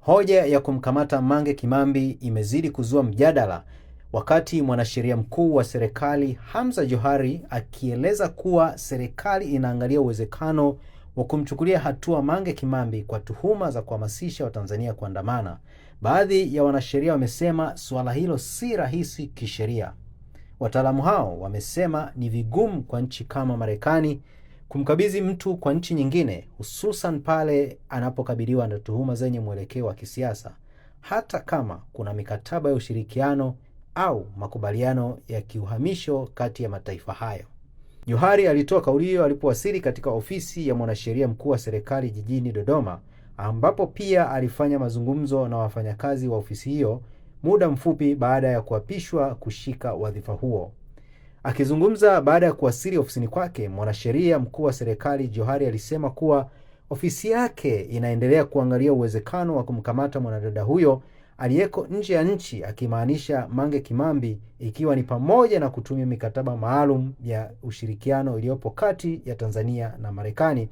Hoja ya kumkamata Mange Kimambi imezidi kuzua mjadala wakati mwanasheria mkuu wa serikali Hamza Johari akieleza kuwa serikali inaangalia uwezekano wa kumchukulia hatua Mange Kimambi kwa tuhuma za kuhamasisha Watanzania kuandamana. Baadhi ya wanasheria wamesema suala hilo si rahisi kisheria. Wataalamu hao wamesema ni vigumu kwa nchi kama Marekani Kumkabidhi mtu kwa nchi nyingine, hususan pale anapokabiliwa na tuhuma zenye mwelekeo wa kisiasa, hata kama kuna mikataba ya ushirikiano au makubaliano ya kiuhamisho kati ya mataifa hayo. Johari alitoa kauli hiyo alipowasili katika ofisi ya mwanasheria mkuu wa serikali jijini Dodoma, ambapo pia alifanya mazungumzo na wafanyakazi wa ofisi hiyo muda mfupi baada ya kuapishwa kushika wadhifa huo. Akizungumza baada ya kuwasili ofisini kwake, mwanasheria mkuu wa serikali Johari alisema kuwa ofisi yake inaendelea kuangalia uwezekano wa kumkamata mwanadada huyo aliyeko nje ya nchi, akimaanisha Mange Kimambi, ikiwa ni pamoja na kutumia mikataba maalum ya ushirikiano iliyopo kati ya Tanzania na Marekani.